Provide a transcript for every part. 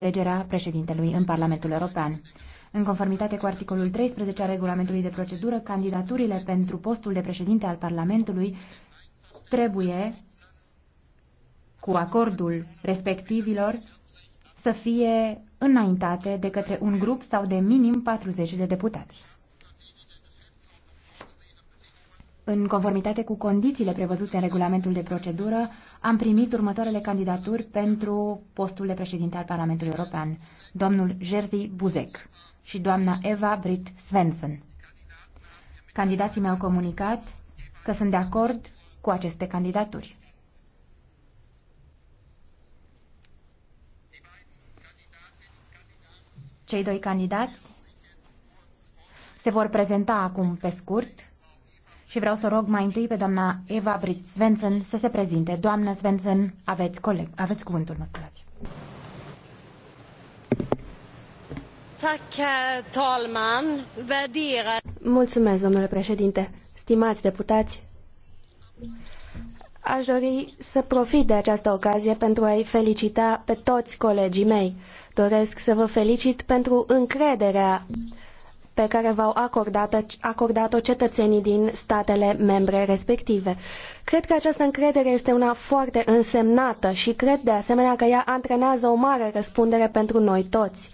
Legerea președintelui în Parlamentul European. În conformitate cu articolul 13 al regulamentului de procedură, candidaturile pentru postul de președinte al Parlamentului trebuie, cu acordul respectivilor, să fie înaintate de către un grup sau de minim 40 de deputați. În conformitate cu condițiile prevăzute în regulamentul de procedură, am primit următoarele candidaturi pentru postul de președinte al Parlamentului European, domnul Jerzy Buzek și doamna Eva Britt Svensson. Candidații mi-au comunicat că sunt de acord cu aceste candidaturi. Cei doi candidați se vor prezenta acum pe scurt și vreau să rog mai întâi pe doamna Eva Brit Svensson să se prezinte. Doamna Svensson, aveți, coleg, aveți cuvântul, mă scuzați. Mulțumesc, domnule președinte. Stimați deputați, aș dori să profit de această ocazie pentru a-i felicita pe toți colegii mei. Doresc să vă felicit pentru încrederea pe care v-au acordat-o acordat cetățenii din statele membre respective. Cred că această încredere este una foarte însemnată și cred de asemenea că ea antrenează o mare răspundere pentru noi toți.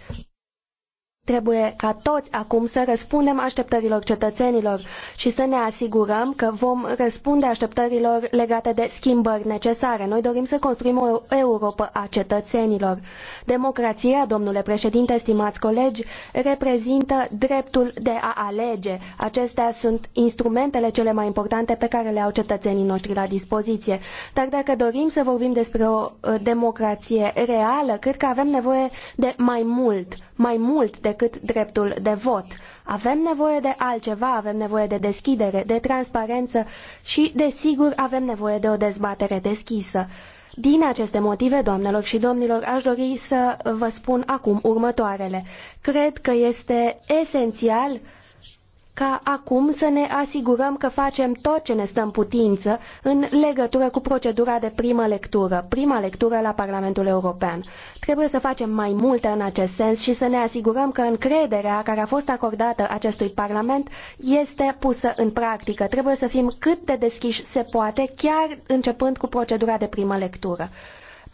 Trebuie ca toți acum să răspundem așteptărilor cetățenilor și să ne asigurăm că vom răspunde așteptărilor legate de schimbări necesare. Noi dorim să construim o Europa a cetățenilor. Democrația, domnule președinte, stimați colegi, reprezintă dreptul de a alege. Acestea sunt instrumentele cele mai importante pe care le au cetățenii noștri la dispoziție. Dar dacă dorim să vorbim despre o uh, democrație reală, cred că avem nevoie de mai mult, mai mult decât decât dreptul de vot. Avem nevoie de altceva, avem nevoie de deschidere, de transparență și, desigur, avem nevoie de o dezbatere deschisă. Din aceste motive, doamnelor și domnilor, aș dori să vă spun acum următoarele. Cred că este esențial ca acum să ne asigurăm că facem tot ce ne stă în putință în legătură cu procedura de primă lectură, prima lectură la Parlamentul European. Trebuie să facem mai multe în acest sens și să ne asigurăm că încrederea care a fost acordată acestui Parlament este pusă în practică. Trebuie să fim cât de deschiși se poate, chiar începând cu procedura de primă lectură.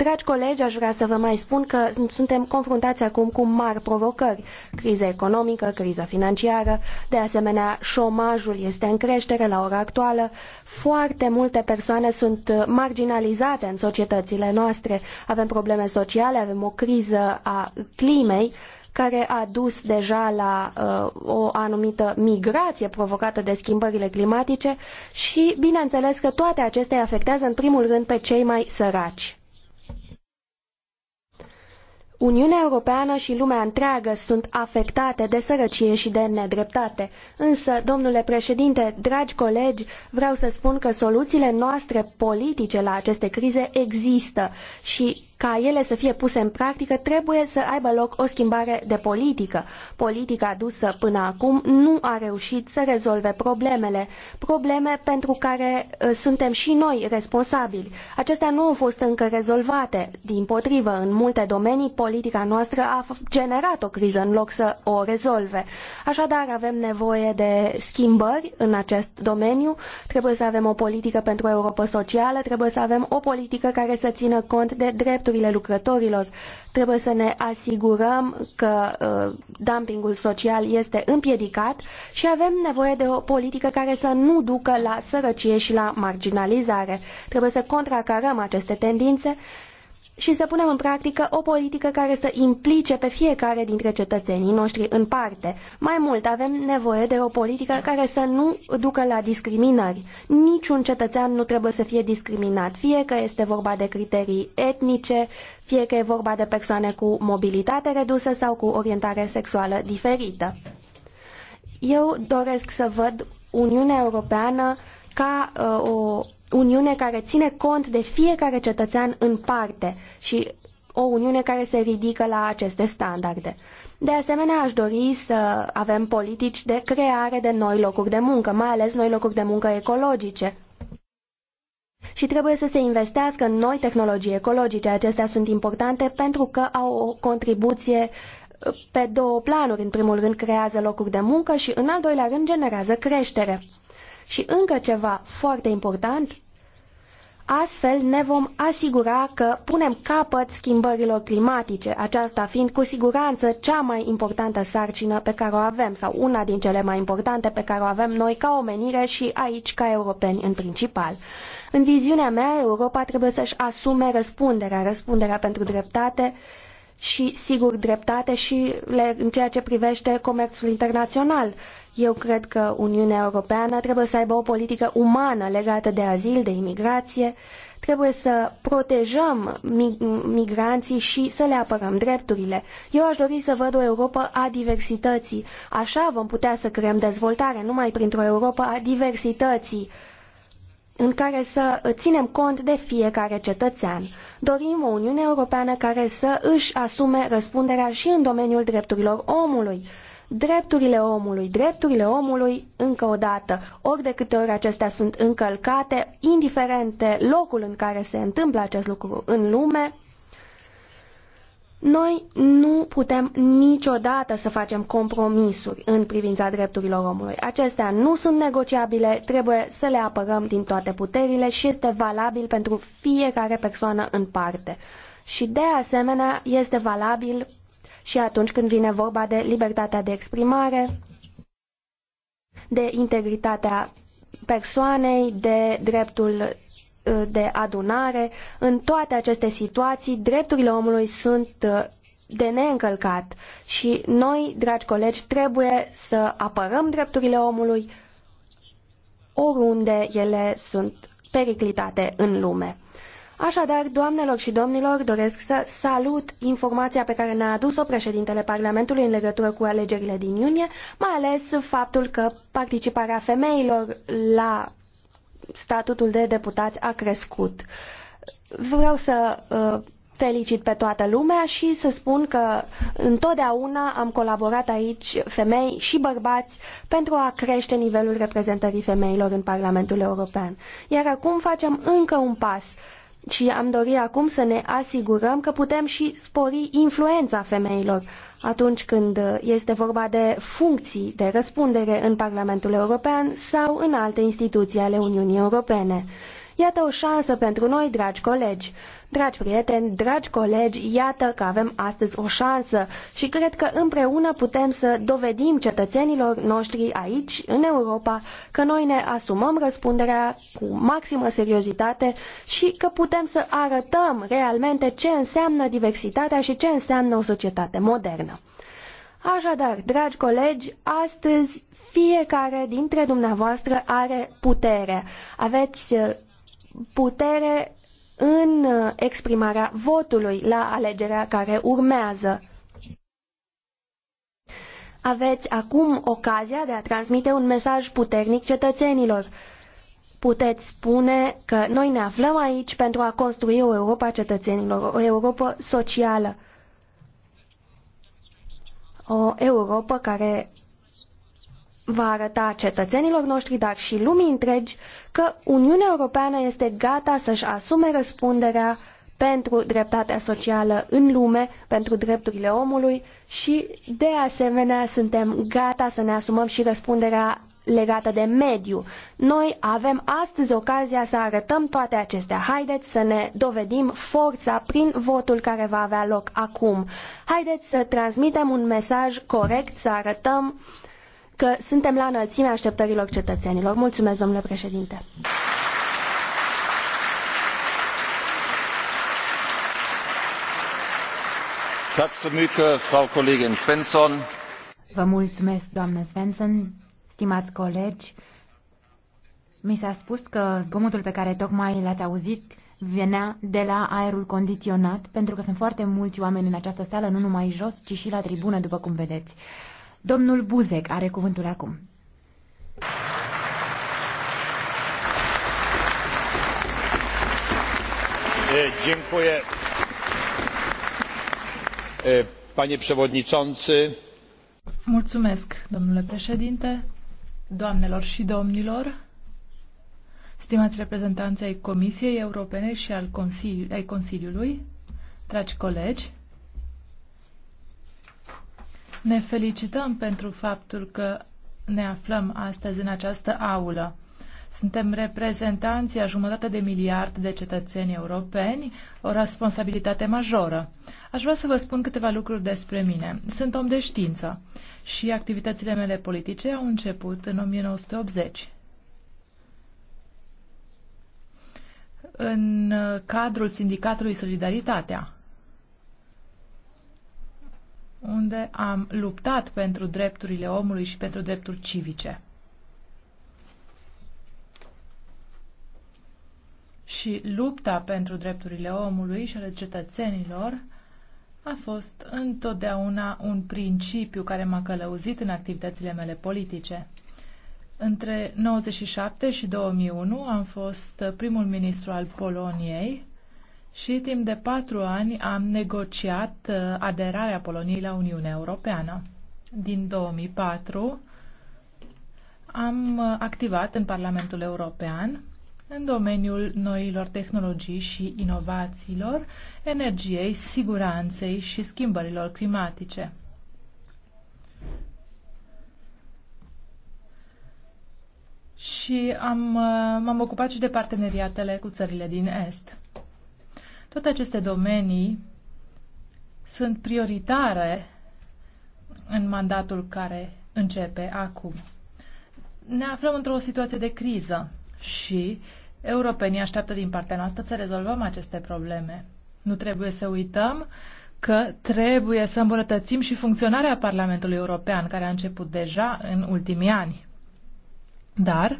Dragi colegi, aș vrea să vă mai spun că suntem confruntați acum cu mari provocări. Criza economică, criza financiară, de asemenea șomajul este în creștere la ora actuală. Foarte multe persoane sunt marginalizate în societățile noastre. Avem probleme sociale, avem o criză a climei care a dus deja la uh, o anumită migrație provocată de schimbările climatice și, bineînțeles, că toate acestea afectează în primul rând pe cei mai săraci. Uniunea Europeană și lumea întreagă sunt afectate de sărăcie și de nedreptate. Însă, domnule președinte, dragi colegi, vreau să spun că soluțiile noastre politice la aceste crize există și ca ele să fie puse în practică, trebuie să aibă loc o schimbare de politică. Politica adusă până acum nu a reușit să rezolve problemele, probleme pentru care ă, suntem și noi responsabili. Acestea nu au fost încă rezolvate. Din potrivă, în multe domenii, politica noastră a generat o criză în loc să o rezolve. Așadar, avem nevoie de schimbări în acest domeniu, trebuie să avem o politică pentru Europa socială, trebuie să avem o politică care să țină cont de drepturi drepturile lucrătorilor. Trebuie să ne asigurăm că uh, dumpingul social este împiedicat și avem nevoie de o politică care să nu ducă la sărăcie și la marginalizare. Trebuie să contracarăm aceste tendințe și să punem în practică o politică care să implice pe fiecare dintre cetățenii noștri în parte. Mai mult, avem nevoie de o politică care să nu ducă la discriminări. Niciun cetățean nu trebuie să fie discriminat, fie că este vorba de criterii etnice, fie că e vorba de persoane cu mobilitate redusă sau cu orientare sexuală diferită. Eu doresc să văd Uniunea Europeană ca uh, o Uniune care ține cont de fiecare cetățean în parte și o Uniune care se ridică la aceste standarde. De asemenea, aș dori să avem politici de creare de noi locuri de muncă, mai ales noi locuri de muncă ecologice. Și trebuie să se investească în noi tehnologii ecologice. Acestea sunt importante pentru că au o contribuție uh, pe două planuri. În primul rând creează locuri de muncă și în al doilea rând generează creștere. Și încă ceva foarte important, astfel ne vom asigura că punem capăt schimbărilor climatice, aceasta fiind cu siguranță cea mai importantă sarcină pe care o avem sau una din cele mai importante pe care o avem noi ca omenire și aici ca europeni în principal. În viziunea mea, Europa trebuie să-și asume răspunderea, răspunderea pentru dreptate, și, sigur, dreptate și le, în ceea ce privește comerțul internațional. Eu cred că Uniunea Europeană trebuie să aibă o politică umană legată de azil, de imigrație, trebuie să protejăm migranții și să le apărăm drepturile. Eu aș dori să văd o Europa a diversității. Așa vom putea să creăm dezvoltare, numai printr-o Europa a diversității în care să ținem cont de fiecare cetățean. Dorim o Uniune Europeană care să își asume răspunderea și în domeniul drepturilor omului. Drepturile omului, drepturile omului, încă o dată, ori de câte ori acestea sunt încălcate, indiferent de locul în care se întâmplă acest lucru în lume, noi nu putem niciodată să facem compromisuri în privința drepturilor omului. Acestea nu sunt negociabile, trebuie să le apărăm din toate puterile și este valabil pentru fiecare persoană în parte. Și de asemenea este valabil și atunci când vine vorba de libertatea de exprimare, de integritatea persoanei, de dreptul Uh, de adunare. În toate aceste situații, drepturile omului sunt uh, de neîncălcat și noi, dragi colegi, trebuie să apărăm drepturile omului oriunde ele sunt periclitate în lume. Așadar, doamnelor și domnilor, doresc să salut informația pe care ne-a adus-o președintele Parlamentului în legătură cu alegerile din iunie, mai ales faptul că participarea femeilor la statutul de deputați a crescut. Vreau să uh, felicit pe toată lumea și să spun că întotdeauna am colaborat aici femei și bărbați pentru a crește nivelul reprezentării femeilor în Parlamentul European. Iar acum facem încă un pas și am dori acum să ne asigurăm că putem și spori influența femeilor atunci când uh, este vorba de funcții de răspundere în Parlamentul European sau în alte instituții ale Uniunii Europene. Iată o șansă pentru noi, dragi colegi. Dragi prieteni, dragi colegi, iată că avem astăzi o șansă și cred că împreună putem să dovedim cetățenilor noștri aici, în Europa, că noi ne asumăm răspunderea cu maximă seriozitate și că putem să arătăm realmente ce înseamnă diversitatea și ce înseamnă o societate modernă. Așadar, dragi colegi, astăzi fiecare dintre dumneavoastră are putere. Aveți putere în uh, exprimarea votului la alegerea care urmează. Aveți acum ocazia de a transmite un mesaj puternic cetățenilor. Puteți spune că noi ne aflăm aici pentru a construi o Europa a cetățenilor, o Europa socială, o Europa care va arăta cetățenilor noștri, dar și lumii întregi, că Uniunea Europeană este gata să-și asume răspunderea pentru dreptatea socială în lume, pentru drepturile omului și, de asemenea, suntem gata să ne asumăm și răspunderea legată de mediu. Noi avem astăzi ocazia să arătăm toate acestea. Haideți să ne dovedim forța prin votul care va avea loc acum. Haideți să transmitem un mesaj corect, să arătăm uh, că suntem la înălțimea așteptărilor cetățenilor. Mulțumesc, domnule președinte. Vă mulțumesc, doamnă Svensson, stimați colegi. Mi s-a spus că zgomotul pe care tocmai l-ați auzit venea de la aerul condiționat, pentru că sunt foarte mulți oameni în această sală, nu numai jos, ci și la tribună, după cum vedeți. Domnul Buzek are cuvântul acum. Dziękuję. Panie przewodniczący. Mulțumesc, domnule președinte, doamnelor și domnilor, stimați reprezentanți ai Comisiei Europene și al ai Consiliului, dragi colegi, ne felicităm pentru faptul că ne aflăm astăzi în această aulă. Suntem reprezentanții a jumătate de miliard de cetățeni europeni, o responsabilitate majoră. Aș vrea să vă spun câteva lucruri despre mine. Sunt om de știință și activitățile mele politice au început în 1980. În uh, cadrul sindicatului Solidaritatea unde am luptat pentru drepturile omului și pentru drepturi civice. Și lupta pentru drepturile omului și ale cetățenilor a fost întotdeauna un principiu care m-a călăuzit în activitățile mele politice. Între 97 și 2001 am fost primul ministru al Poloniei și timp de patru ani am negociat uh, aderarea Poloniei la Uniunea Europeană. Din 2004 am uh, activat în Parlamentul European în domeniul noilor tehnologii și inovațiilor, energiei, siguranței și schimbărilor climatice. Și am, uh, m-am ocupat și de parteneriatele cu țările din Est. Toate aceste domenii sunt prioritare în mandatul care începe acum. Ne aflăm într-o situație de criză și europenii așteaptă din partea noastră să rezolvăm aceste probleme. Nu trebuie să uităm că trebuie să îmbunătățim și funcționarea Parlamentului European, care a început deja în ultimii ani. Dar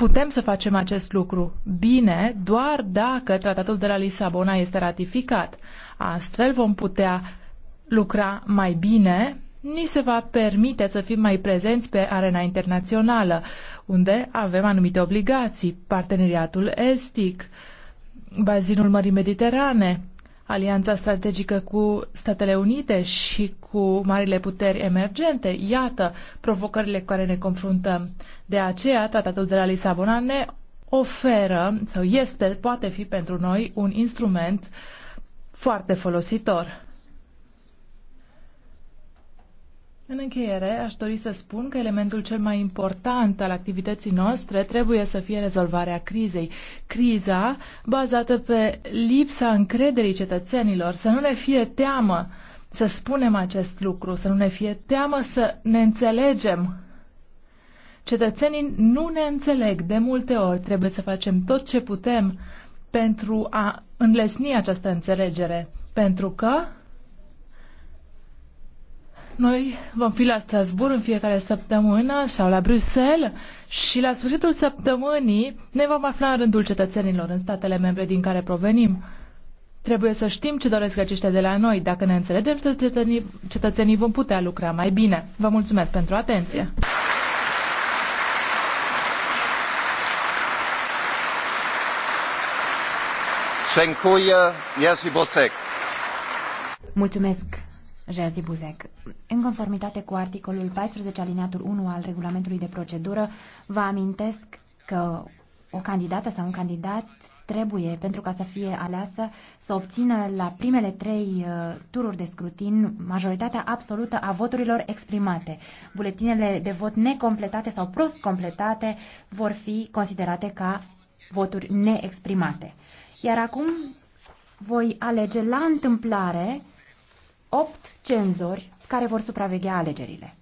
Putem să facem acest lucru bine doar dacă tratatul de la Lisabona este ratificat. Astfel vom putea lucra mai bine, ni se va permite să fim mai prezenți pe arena internațională, unde avem anumite obligații, parteneriatul estic, bazinul Mării Mediterane, alianța strategică cu Statele Unite și cu marile puteri emergente. Iată provocările cu care ne confruntăm. De aceea, tratatul de la Lisabona ne oferă sau este, poate fi pentru noi, un instrument foarte folositor. În încheiere, aș dori să spun că elementul cel mai important al activității noastre trebuie să fie rezolvarea crizei. Criza bazată pe lipsa încrederii cetățenilor, să nu ne fie teamă să spunem acest lucru, să nu ne fie teamă să ne înțelegem. Cetățenii nu ne înțeleg de multe ori, trebuie să facem tot ce putem pentru a înlesni această înțelegere, pentru că noi vom fi la Strasbourg în fiecare săptămână sau la Bruxelles și la sfârșitul săptămânii ne vom afla în rândul cetățenilor în statele membre din care provenim. Trebuie să știm ce doresc aceștia de la noi. Dacă ne înțelegem, cetățenii, cetățenii vom putea lucra mai bine. Vă mulțumesc pentru atenție! Mulțumesc! Jerzy Buzek. În conformitate cu articolul 14 alineatul 1 al regulamentului de procedură, vă amintesc că o candidată sau un candidat trebuie, pentru ca să fie aleasă, să obțină la primele trei uh, tururi de scrutin majoritatea absolută a voturilor exprimate. Buletinele de vot necompletate sau prost completate vor fi considerate ca voturi neexprimate. Iar acum voi alege la întâmplare opt cenzori care vor supraveghea alegerile.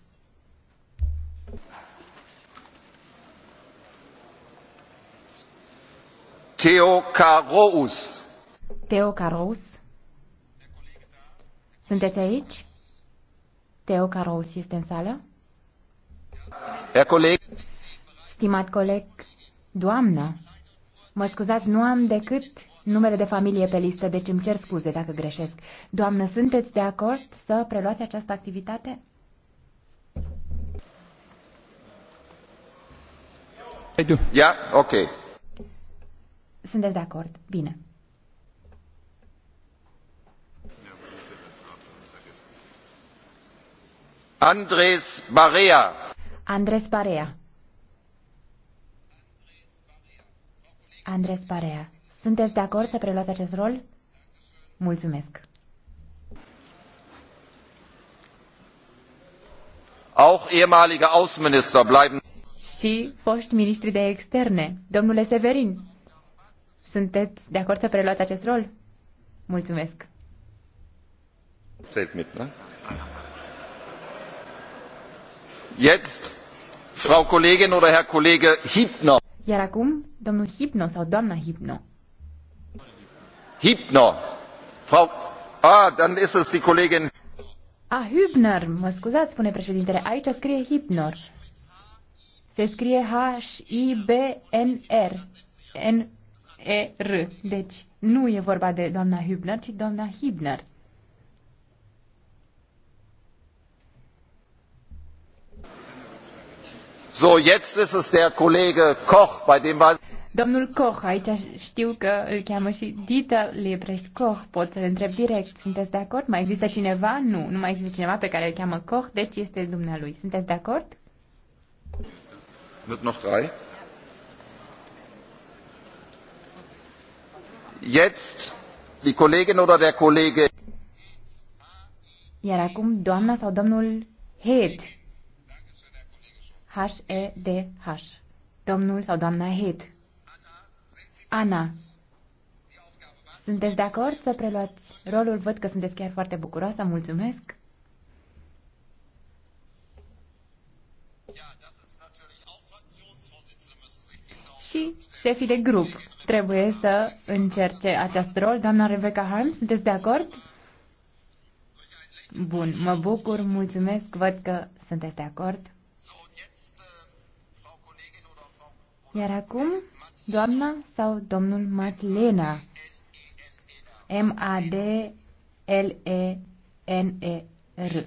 Theo Carous. Theo Carous. Sunteți aici? Theo Carous este în sală? Herr coleg. Stimat coleg, doamnă, mă scuzați, nu am decât numele de familie pe listă, deci îmi cer scuze dacă greșesc. Doamnă, sunteți de acord să preluați această activitate? I Yeah, ok. Sunteți de acord. Bine. Andres Barea. Andres Barea. Andres Barea. Sunteți de acord să preluați acest rol? Mulțumesc! Auch ehemalige Außenminister bleiben și foști ministri de externe. Domnule Severin, sunteți de acord să preluați acest rol? Mulțumesc. Zelt mit, ne? Jetzt Frau Kollegin oder Herr Kollege Hipno. Iar acum, domnul Hipno sau doamna Hipno. Hübner. Frau... Ah, dann ist es die Kollegin... Ah, Hübner, mă scuzați, spune președintele. Aici scrie Hübner. Se scrie H-I-B-N-R. N-E-R. Deci, nu e vorba de doamna Hübner, ci doamna Hübner. So, jetzt ist es der Kollege Koch, bei dem war... Domnul Koch, aici știu că îl cheamă și Dita Liebrecht Koch, pot să-l întreb direct. Sunteți de acord? Mai există cineva? Nu, nu mai există cineva pe care îl cheamă Koch, deci este dumnealui. Sunteți de acord? Mit noch drei. Jetzt die Kollegin oder der Kollege. Iar acum doamna sau domnul Head. H-E-D-H. Domnul sau doamna Head. Ana, sunteți de acord să preluați rolul? Văd că sunteți chiar foarte bucuroasă, mulțumesc. Și șefii de grup trebuie să încerce acest rol. Doamna Rebecca Harms, sunteți de acord? Bun, mă bucur, mulțumesc, văd că sunteți de acord. Iar acum, doamna sau domnul Madlena, M-A-D-L-E-N-E-R.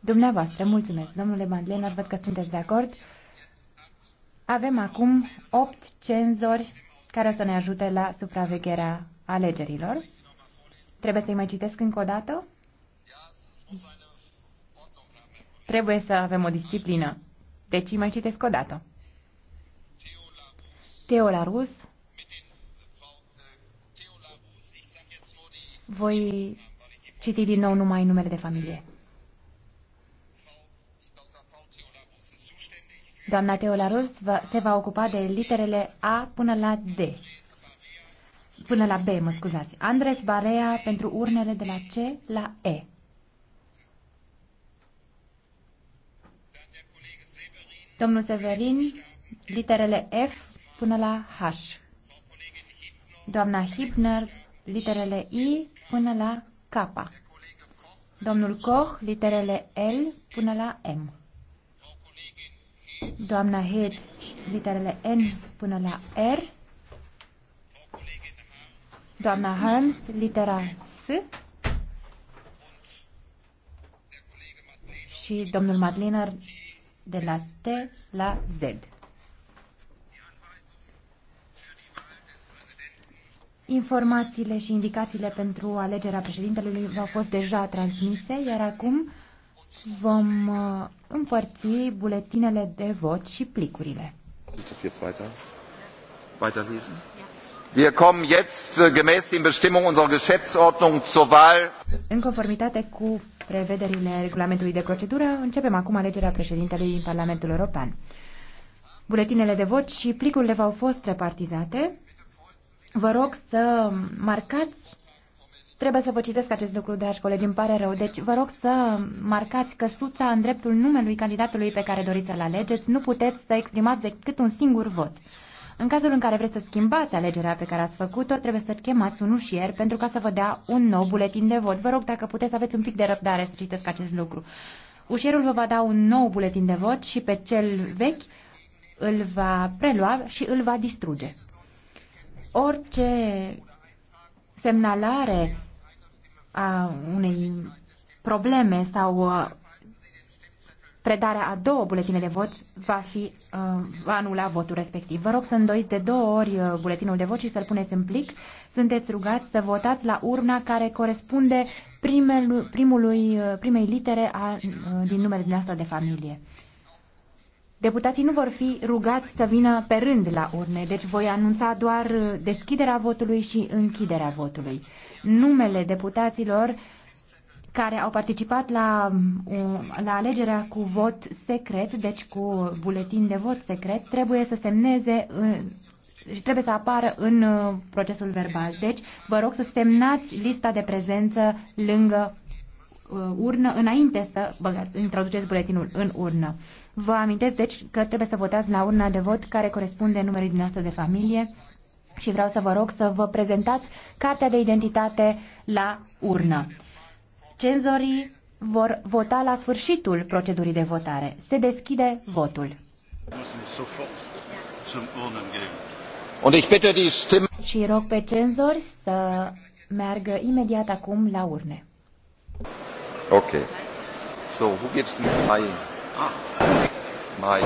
Dumneavoastră, mulțumesc. Domnule Madlena, văd că sunteți de acord. Avem acum opt cenzori care să ne ajute la supravegherea alegerilor. Trebuie să-i mai citesc încă o dată? Trebuie să avem o disciplină. Deci îi mai citesc o dată. Teo Larus. Voi citi din nou numai numele de familie. Doamna Teolarus se va ocupa de literele A până la D. Până la B, mă scuzați. Andres Barea pentru urnele de la C la E. Domnul Severin, literele F până la H. Doamna Hibner, literele I până la K. Domnul Koch, literele L până la M. Doamna Head, literele N până la R. Doamna Hans, litera S. Și domnul Madliner de la T la Z. Informațiile și indicațiile pentru alegerea președintelui au fost deja transmise, iar acum vom uh, împărți buletinele de vot și plicurile. Wir kommen jetzt äh, gemäß den Bestimmungen unserer Geschäftsordnung zur Wahl. În conformitate cu prevederile regulamentului de procedură, începem acum alegerea președintelui în Parlamentul European. Buletinele de vot și plicurile v-au fost repartizate. Vă rog să marcați Trebuie să vă citesc acest lucru, dragi colegi, îmi pare rău. Deci vă rog să marcați căsuța în dreptul numelui candidatului pe care doriți să-l alegeți. Nu puteți să exprimați decât un singur vot. În cazul în care vreți să schimbați alegerea pe care ați făcut-o, trebuie să chemați un ușier pentru ca să vă dea un nou buletin de vot. Vă rog dacă puteți să aveți un pic de răbdare să citesc acest lucru. Ușierul vă va da un nou buletin de vot și pe cel vechi îl va prelua și îl va distruge orice semnalare a unei probleme sau uh, predarea a două buletine de vot va, fi, uh, va anula votul respectiv. Vă rog să îndoiți de două ori uh, buletinul de vot și să-l puneți în plic. Sunteți rugați să votați la urna care corespunde primel, primului, primei litere a, din numele dumneavoastră de familie. Deputații nu vor fi rugați să vină pe rând la urne, deci voi anunța doar uh, deschiderea votului și închiderea votului. Numele deputaților care au participat la, um, la alegerea cu vot secret, deci cu buletin de vot secret, trebuie să semneze și trebuie să apară în uh, procesul verbal. Deci, vă rog să semnați lista de prezență lângă uh, urnă înainte să bă, introduceți buletinul în urnă. Vă amintesc, deci, că trebuie să votați la urna de vot care corespunde numărului dumneavoastră de familie și vreau să vă rog să vă prezentați cartea de identitate la urnă. Cenzorii vor vota la sfârșitul procedurii de votare. Se deschide votul. Și rog pe cenzori să meargă imediat acum la urne. Ok. So, who gives me my... Ah mai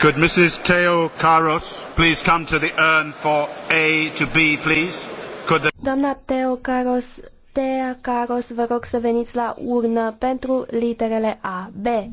Could Mrs. Teo Karos please come to the urn for A to B, please? Could the... Doamna Teo Karos, Teo Karos, vă rog să veniți la urnă pentru literele A, B.